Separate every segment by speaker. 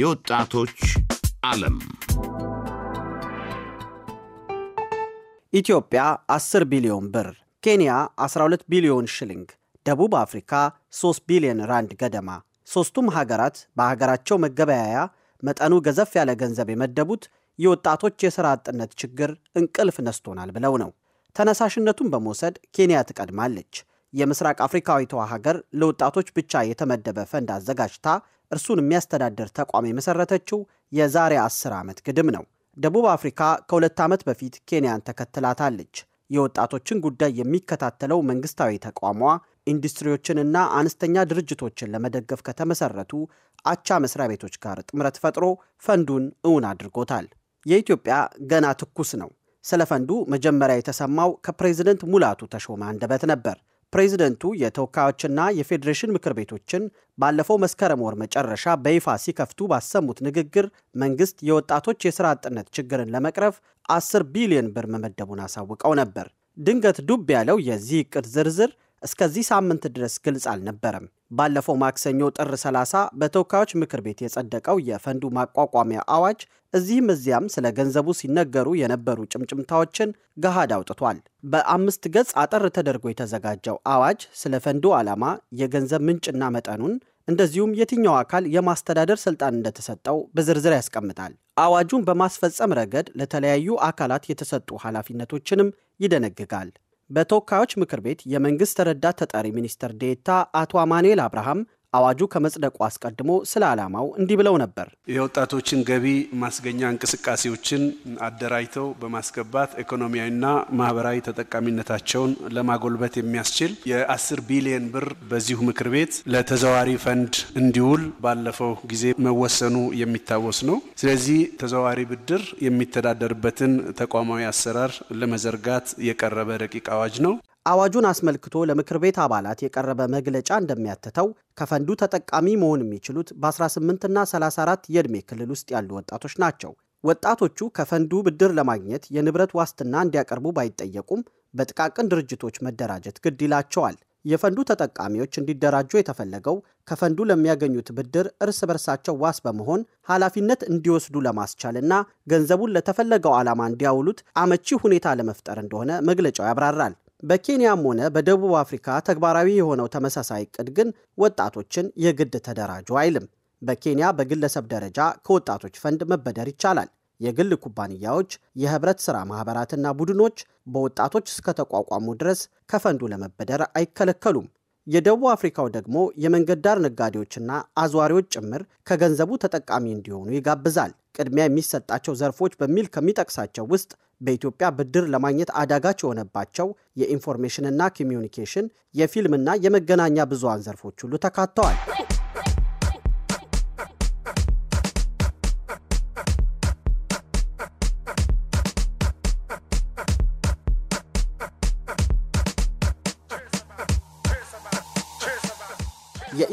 Speaker 1: የወጣቶች ዓለም ኢትዮጵያ 10 ቢሊዮን ብር፣ ኬንያ 12 ቢሊዮን ሽልንግ፣ ደቡብ አፍሪካ 3 ቢሊዮን ራንድ ገደማ። ሦስቱም ሀገራት በሀገራቸው መገበያያ መጠኑ ገዘፍ ያለ ገንዘብ የመደቡት የወጣቶች የሥራ አጥነት ችግር እንቅልፍ ነስቶናል ብለው ነው። ተነሳሽነቱን በመውሰድ ኬንያ ትቀድማለች። የምስራቅ አፍሪካዊቷ ሀገር ለወጣቶች ብቻ የተመደበ ፈንድ አዘጋጅታ እርሱን የሚያስተዳድር ተቋም የመሰረተችው የዛሬ አስር ዓመት ግድም ነው። ደቡብ አፍሪካ ከሁለት ዓመት በፊት ኬንያን ተከትላታለች። የወጣቶችን ጉዳይ የሚከታተለው መንግስታዊ ተቋሟ ኢንዱስትሪዎችንና አነስተኛ ድርጅቶችን ለመደገፍ ከተመሰረቱ አቻ መስሪያ ቤቶች ጋር ጥምረት ፈጥሮ ፈንዱን እውን አድርጎታል። የኢትዮጵያ ገና ትኩስ ነው። ስለ ፈንዱ መጀመሪያ የተሰማው ከፕሬዝደንት ሙላቱ ተሾመ አንደበት ነበር። ፕሬዚደንቱ የተወካዮችና የፌዴሬሽን ምክር ቤቶችን ባለፈው መስከረም ወር መጨረሻ በይፋ ሲከፍቱ ባሰሙት ንግግር መንግስት የወጣቶች የሥራ አጥነት ችግርን ለመቅረፍ 10 ቢሊዮን ብር መመደቡን አሳውቀው ነበር። ድንገት ዱብ ያለው የዚህ ዕቅድ ዝርዝር እስከዚህ ሳምንት ድረስ ግልጽ አልነበረም። ባለፈው ማክሰኞ ጥር 30 በተወካዮች ምክር ቤት የጸደቀው የፈንዱ ማቋቋሚያ አዋጅ እዚህም እዚያም ስለ ገንዘቡ ሲነገሩ የነበሩ ጭምጭምታዎችን ገሃድ አውጥቷል። በአምስት ገጽ አጠር ተደርጎ የተዘጋጀው አዋጅ ስለ ፈንዱ ዓላማ፣ የገንዘብ ምንጭና መጠኑን እንደዚሁም የትኛው አካል የማስተዳደር ስልጣን እንደተሰጠው በዝርዝር ያስቀምጣል። አዋጁን በማስፈጸም ረገድ ለተለያዩ አካላት የተሰጡ ኃላፊነቶችንም ይደነግጋል። በተወካዮች ምክር ቤት የመንግሥት ረዳት ተጠሪ ሚኒስትር ዴታ አቶ አማኑኤል አብርሃም አዋጁ ከመጽደቁ አስቀድሞ ስለ ዓላማው እንዲህ ብለው ነበር። የወጣቶችን ገቢ ማስገኛ እንቅስቃሴዎችን አደራጅተው በማስገባት ኢኮኖሚያዊና ማህበራዊ ተጠቃሚነታቸውን ለማጎልበት የሚያስችል የ10 ቢሊየን ብር በዚሁ ምክር ቤት ለተዘዋዋሪ ፈንድ እንዲውል ባለፈው ጊዜ መወሰኑ የሚታወስ ነው። ስለዚህ ተዘዋዋሪ ብድር የሚተዳደርበትን ተቋማዊ አሰራር ለመዘርጋት የቀረበ ረቂቅ አዋጅ ነው። አዋጁን አስመልክቶ ለምክር ቤት አባላት የቀረበ መግለጫ እንደሚያትተው ከፈንዱ ተጠቃሚ መሆን የሚችሉት በ18ና 34 የዕድሜ ክልል ውስጥ ያሉ ወጣቶች ናቸው። ወጣቶቹ ከፈንዱ ብድር ለማግኘት የንብረት ዋስትና እንዲያቀርቡ ባይጠየቁም በጥቃቅን ድርጅቶች መደራጀት ግድ ይላቸዋል። የፈንዱ ተጠቃሚዎች እንዲደራጁ የተፈለገው ከፈንዱ ለሚያገኙት ብድር እርስ በርሳቸው ዋስ በመሆን ኃላፊነት እንዲወስዱ ለማስቻልና ገንዘቡን ለተፈለገው ዓላማ እንዲያውሉት አመቺ ሁኔታ ለመፍጠር እንደሆነ መግለጫው ያብራራል። በኬንያም ሆነ በደቡብ አፍሪካ ተግባራዊ የሆነው ተመሳሳይ እቅድ ግን ወጣቶችን የግድ ተደራጁ አይልም። በኬንያ በግለሰብ ደረጃ ከወጣቶች ፈንድ መበደር ይቻላል። የግል ኩባንያዎች፣ የህብረት ሥራ ማኅበራትና ቡድኖች በወጣቶች እስከተቋቋሙ ድረስ ከፈንዱ ለመበደር አይከለከሉም። የደቡብ አፍሪካው ደግሞ የመንገድ ዳር ነጋዴዎችና አዟሪዎች ጭምር ከገንዘቡ ተጠቃሚ እንዲሆኑ ይጋብዛል። ቅድሚያ የሚሰጣቸው ዘርፎች በሚል ከሚጠቅሳቸው ውስጥ በኢትዮጵያ ብድር ለማግኘት አዳጋች የሆነባቸው የኢንፎርሜሽንና ኮሚዩኒኬሽን፣ የፊልምና የመገናኛ ብዙሃን ዘርፎች ሁሉ ተካተዋል።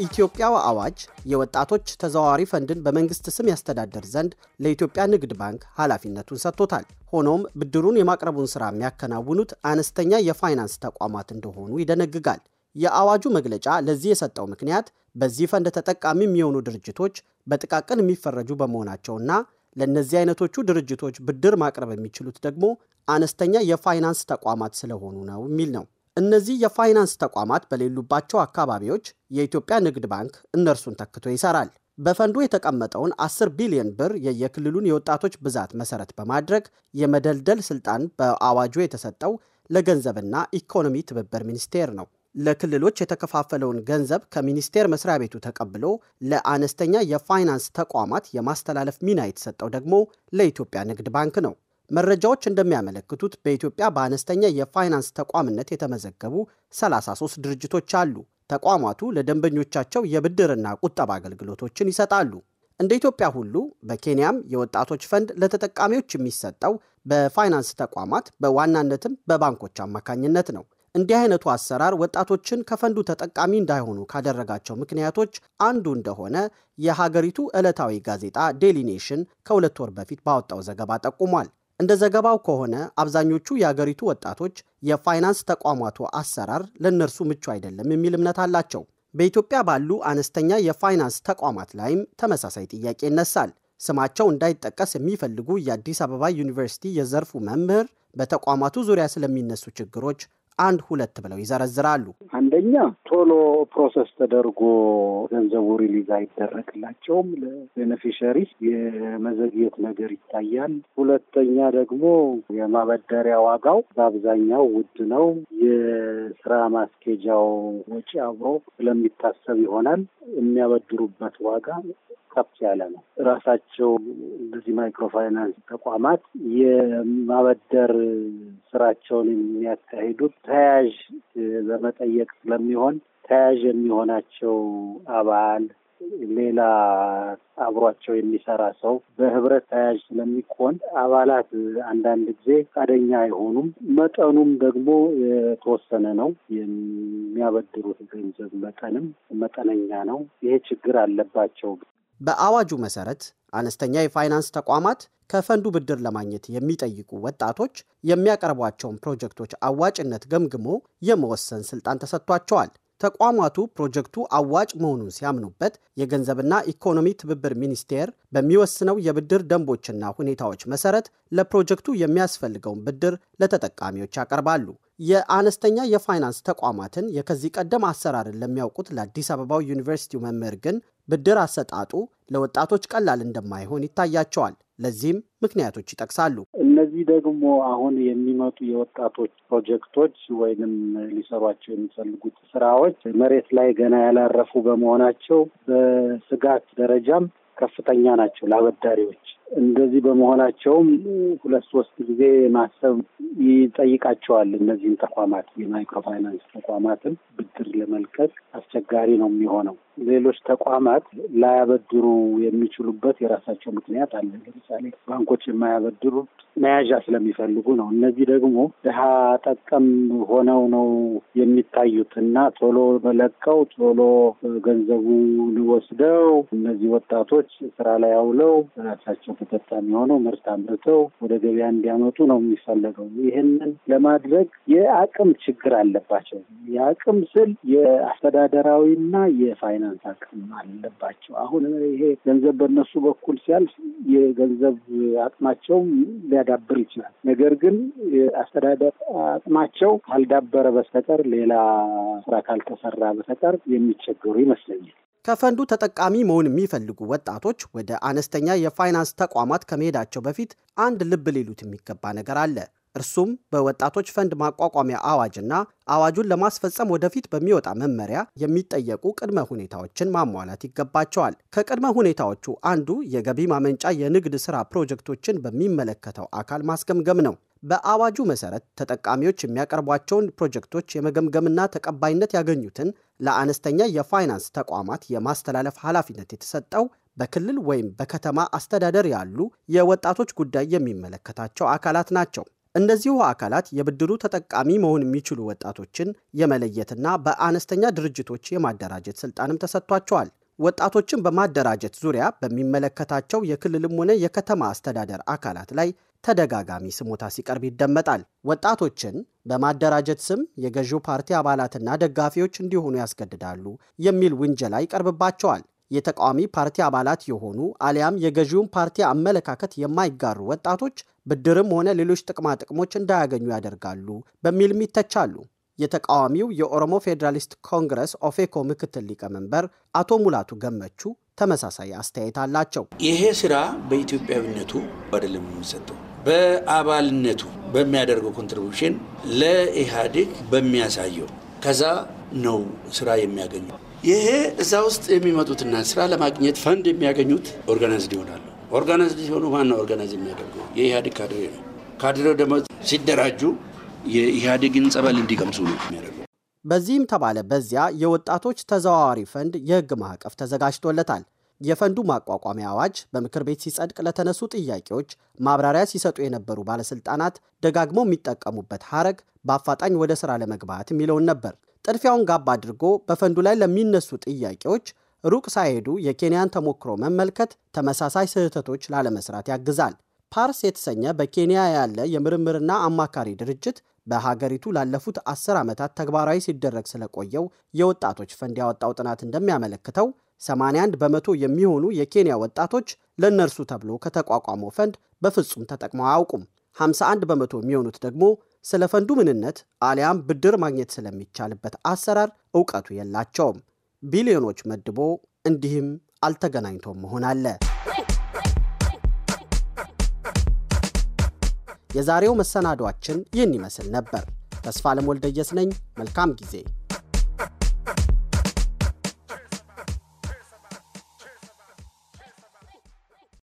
Speaker 1: የኢትዮጵያው አዋጅ የወጣቶች ተዘዋዋሪ ፈንድን በመንግስት ስም ያስተዳደር ዘንድ ለኢትዮጵያ ንግድ ባንክ ኃላፊነቱን ሰጥቶታል። ሆኖም ብድሩን የማቅረቡን ሥራ የሚያከናውኑት አነስተኛ የፋይናንስ ተቋማት እንደሆኑ ይደነግጋል። የአዋጁ መግለጫ ለዚህ የሰጠው ምክንያት በዚህ ፈንድ ተጠቃሚ የሚሆኑ ድርጅቶች በጥቃቅን የሚፈረጁ በመሆናቸውና ለእነዚህ አይነቶቹ ድርጅቶች ብድር ማቅረብ የሚችሉት ደግሞ አነስተኛ የፋይናንስ ተቋማት ስለሆኑ ነው የሚል ነው። እነዚህ የፋይናንስ ተቋማት በሌሉባቸው አካባቢዎች የኢትዮጵያ ንግድ ባንክ እነርሱን ተክቶ ይሰራል። በፈንዱ የተቀመጠውን 10 ቢሊዮን ብር የየክልሉን የወጣቶች ብዛት መሰረት በማድረግ የመደልደል ስልጣን በአዋጁ የተሰጠው ለገንዘብና ኢኮኖሚ ትብብር ሚኒስቴር ነው። ለክልሎች የተከፋፈለውን ገንዘብ ከሚኒስቴር መስሪያ ቤቱ ተቀብሎ ለአነስተኛ የፋይናንስ ተቋማት የማስተላለፍ ሚና የተሰጠው ደግሞ ለኢትዮጵያ ንግድ ባንክ ነው። መረጃዎች እንደሚያመለክቱት በኢትዮጵያ በአነስተኛ የፋይናንስ ተቋምነት የተመዘገቡ 33 ድርጅቶች አሉ። ተቋማቱ ለደንበኞቻቸው የብድርና ቁጠባ አገልግሎቶችን ይሰጣሉ። እንደ ኢትዮጵያ ሁሉ በኬንያም የወጣቶች ፈንድ ለተጠቃሚዎች የሚሰጠው በፋይናንስ ተቋማት በዋናነትም በባንኮች አማካኝነት ነው። እንዲህ አይነቱ አሰራር ወጣቶችን ከፈንዱ ተጠቃሚ እንዳይሆኑ ካደረጋቸው ምክንያቶች አንዱ እንደሆነ የሀገሪቱ ዕለታዊ ጋዜጣ ዴሊኔሽን ከሁለት ወር በፊት ባወጣው ዘገባ ጠቁሟል። እንደ ዘገባው ከሆነ አብዛኞቹ የአገሪቱ ወጣቶች የፋይናንስ ተቋማቱ አሰራር ለእነርሱ ምቹ አይደለም የሚል እምነት አላቸው። በኢትዮጵያ ባሉ አነስተኛ የፋይናንስ ተቋማት ላይም ተመሳሳይ ጥያቄ ይነሳል። ስማቸው እንዳይጠቀስ የሚፈልጉ የአዲስ አበባ ዩኒቨርሲቲ የዘርፉ መምህር በተቋማቱ ዙሪያ ስለሚነሱ ችግሮች አንድ ሁለት ብለው ይዘረዝራሉ።
Speaker 2: አንደኛ ቶሎ ፕሮሰስ ተደርጎ ገንዘቡ ሪሊዝ አይደረግላቸውም። ለቤኔፊሸሪ የመዘግየት ነገር ይታያል። ሁለተኛ ደግሞ የማበደሪያ ዋጋው በአብዛኛው ውድ ነው። የስራ ማስኬጃው ወጪ አብሮ ስለሚታሰብ ይሆናል የሚያበድሩበት ዋጋ ከፍ ያለ ነው። ራሳቸው እነዚህ ማይክሮ ፋይናንስ ተቋማት የማበደር ስራቸውን የሚያካሂዱት ተያዥ በመጠየቅ ስለሚሆን ተያዥ የሚሆናቸው አባል ሌላ አብሯቸው የሚሰራ ሰው በህብረት ተያያዥ ስለሚኮን አባላት አንዳንድ ጊዜ ፈቃደኛ አይሆኑም። መጠኑም ደግሞ የተወሰነ ነው። የሚያበድሩት ገንዘብ መጠንም መጠነኛ ነው። ይሄ ችግር አለባቸው።
Speaker 1: በአዋጁ መሰረት አነስተኛ የፋይናንስ ተቋማት ከፈንዱ ብድር ለማግኘት የሚጠይቁ ወጣቶች የሚያቀርቧቸውን ፕሮጀክቶች አዋጭነት ገምግሞ የመወሰን ስልጣን ተሰጥቷቸዋል። ተቋማቱ ፕሮጀክቱ አዋጭ መሆኑን ሲያምኑበት የገንዘብና ኢኮኖሚ ትብብር ሚኒስቴር በሚወስነው የብድር ደንቦችና ሁኔታዎች መሰረት ለፕሮጀክቱ የሚያስፈልገውን ብድር ለተጠቃሚዎች ያቀርባሉ። የአነስተኛ የፋይናንስ ተቋማትን የከዚህ ቀደም አሰራርን ለሚያውቁት ለአዲስ አበባው ዩኒቨርሲቲው መምህር ግን ብድር አሰጣጡ ለወጣቶች ቀላል እንደማይሆን ይታያቸዋል። ለዚህም ምክንያቶች ይጠቅሳሉ።
Speaker 2: እነዚህ ደግሞ አሁን የሚመጡ የወጣቶች ፕሮጀክቶች ወይንም ሊሰሯቸው የሚፈልጉት ስራዎች መሬት ላይ ገና ያላረፉ በመሆናቸው በስጋት ደረጃም ከፍተኛ ናቸው ለአበዳሪዎች እንደዚህ በመሆናቸውም ሁለት ሶስት ጊዜ ማሰብ ይጠይቃቸዋል። እነዚህም ተቋማት የማይክሮ ፋይናንስ ተቋማትን ብድር ለመልቀቅ አስቸጋሪ ነው የሚሆነው። ሌሎች ተቋማት ላያበድሩ የሚችሉበት የራሳቸው ምክንያት አለ። ለምሳሌ ባንኮች የማያበድሩት መያዣ ስለሚፈልጉ ነው። እነዚህ ደግሞ ድሀ ጠቀም ሆነው ነው የሚታዩት እና ቶሎ በለቀው ቶሎ ገንዘቡ ወስደው እነዚህ ወጣቶች ስራ ላይ አውለው ራሳቸው ተፈጻሚ ሆነው ምርት አምርተው ወደ ገበያ እንዲያመጡ ነው የሚፈለገው። ይህንን ለማድረግ የአቅም ችግር አለባቸው። የአቅም ስል የአስተዳደራዊና የፋይናንስ አቅም አለባቸው። አሁን ይሄ ገንዘብ በነሱ በኩል ሲያልፍ የገንዘብ አቅማቸው ሊያዳብር ይችላል። ነገር ግን የአስተዳደር አቅማቸው ካልዳበረ በስተቀር ሌላ ስራ ካልተሰራ በስተቀር የሚቸገሩ ይመስለኛል።
Speaker 1: ከፈንዱ ተጠቃሚ መሆን የሚፈልጉ ወጣቶች ወደ አነስተኛ የፋይናንስ ተቋማት ከመሄዳቸው በፊት አንድ ልብ ሊሉት የሚገባ ነገር አለ። እርሱም በወጣቶች ፈንድ ማቋቋሚያ አዋጅና አዋጁን ለማስፈጸም ወደፊት በሚወጣ መመሪያ የሚጠየቁ ቅድመ ሁኔታዎችን ማሟላት ይገባቸዋል። ከቅድመ ሁኔታዎቹ አንዱ የገቢ ማመንጫ የንግድ ስራ ፕሮጀክቶችን በሚመለከተው አካል ማስገምገም ነው። በአዋጁ መሰረት ተጠቃሚዎች የሚያቀርቧቸውን ፕሮጀክቶች የመገምገምና ተቀባይነት ያገኙትን ለአነስተኛ የፋይናንስ ተቋማት የማስተላለፍ ኃላፊነት የተሰጠው በክልል ወይም በከተማ አስተዳደር ያሉ የወጣቶች ጉዳይ የሚመለከታቸው አካላት ናቸው። እነዚሁ አካላት የብድሩ ተጠቃሚ መሆን የሚችሉ ወጣቶችን የመለየትና በአነስተኛ ድርጅቶች የማደራጀት ስልጣንም ተሰጥቷቸዋል። ወጣቶችን በማደራጀት ዙሪያ በሚመለከታቸው የክልልም ሆነ የከተማ አስተዳደር አካላት ላይ ተደጋጋሚ ስሞታ ሲቀርብ ይደመጣል። ወጣቶችን በማደራጀት ስም የገዢው ፓርቲ አባላትና ደጋፊዎች እንዲሆኑ ያስገድዳሉ የሚል ውንጀላ ይቀርብባቸዋል። የተቃዋሚ ፓርቲ አባላት የሆኑ አሊያም የገዢውን ፓርቲ አመለካከት የማይጋሩ ወጣቶች ብድርም ሆነ ሌሎች ጥቅማጥቅሞች እንዳያገኙ ያደርጋሉ በሚልም ይተቻሉ። የተቃዋሚው የኦሮሞ ፌዴራሊስት ኮንግረስ ኦፌኮ ምክትል ሊቀመንበር አቶ ሙላቱ ገመቹ ተመሳሳይ አስተያየት አላቸው።
Speaker 2: ይሄ ስራ በኢትዮጵያዊነቱ አይደለም የሚሰጠው በአባልነቱ በሚያደርገው ኮንትሪቡሽን ለኢህአዴግ በሚያሳየው ከዛ ነው ስራ የሚያገኙ። ይሄ እዛ ውስጥ የሚመጡትና ስራ ለማግኘት ፈንድ የሚያገኙት ኦርጋናይዝድ ይሆናሉ። ኦርጋናይዝድ ሲሆኑ ማነው ኦርጋናይዝ የሚያደርገው? የኢህአዴግ ካድሬ ነው። ካድሬው ደግሞ ሲደራጁ የኢህአዴግን ጸበል እንዲቀምሱ ነው
Speaker 1: የሚያደርገው። በዚህም ተባለ በዚያ የወጣቶች ተዘዋዋሪ ፈንድ የህግ ማዕቀፍ ተዘጋጅቶለታል። የፈንዱ ማቋቋሚያ አዋጅ በምክር ቤት ሲጸድቅ ለተነሱ ጥያቄዎች ማብራሪያ ሲሰጡ የነበሩ ባለስልጣናት ደጋግመው የሚጠቀሙበት ሀረግ በአፋጣኝ ወደ ስራ ለመግባት የሚለውን ነበር። ጥድፊያውን ጋብ አድርጎ በፈንዱ ላይ ለሚነሱ ጥያቄዎች ሩቅ ሳይሄዱ የኬንያን ተሞክሮ መመልከት ተመሳሳይ ስህተቶች ላለመስራት ያግዛል። ፓርስ የተሰኘ በኬንያ ያለ የምርምርና አማካሪ ድርጅት በሀገሪቱ ላለፉት አስር ዓመታት ተግባራዊ ሲደረግ ስለቆየው የወጣቶች ፈንድ ያወጣው ጥናት እንደሚያመለክተው 81 በመቶ የሚሆኑ የኬንያ ወጣቶች ለእነርሱ ተብሎ ከተቋቋመው ፈንድ በፍጹም ተጠቅመው አያውቁም። 51 በመቶ የሚሆኑት ደግሞ ስለ ፈንዱ ምንነት አሊያም ብድር ማግኘት ስለሚቻልበት አሰራር እውቀቱ የላቸውም። ቢሊዮኖች መድቦ እንዲህም አልተገናኝቶም መሆን አለ። የዛሬው መሰናዷችን ይህን ይመስል ነበር። ተስፋ ለሞልደየስ ነኝ። መልካም ጊዜ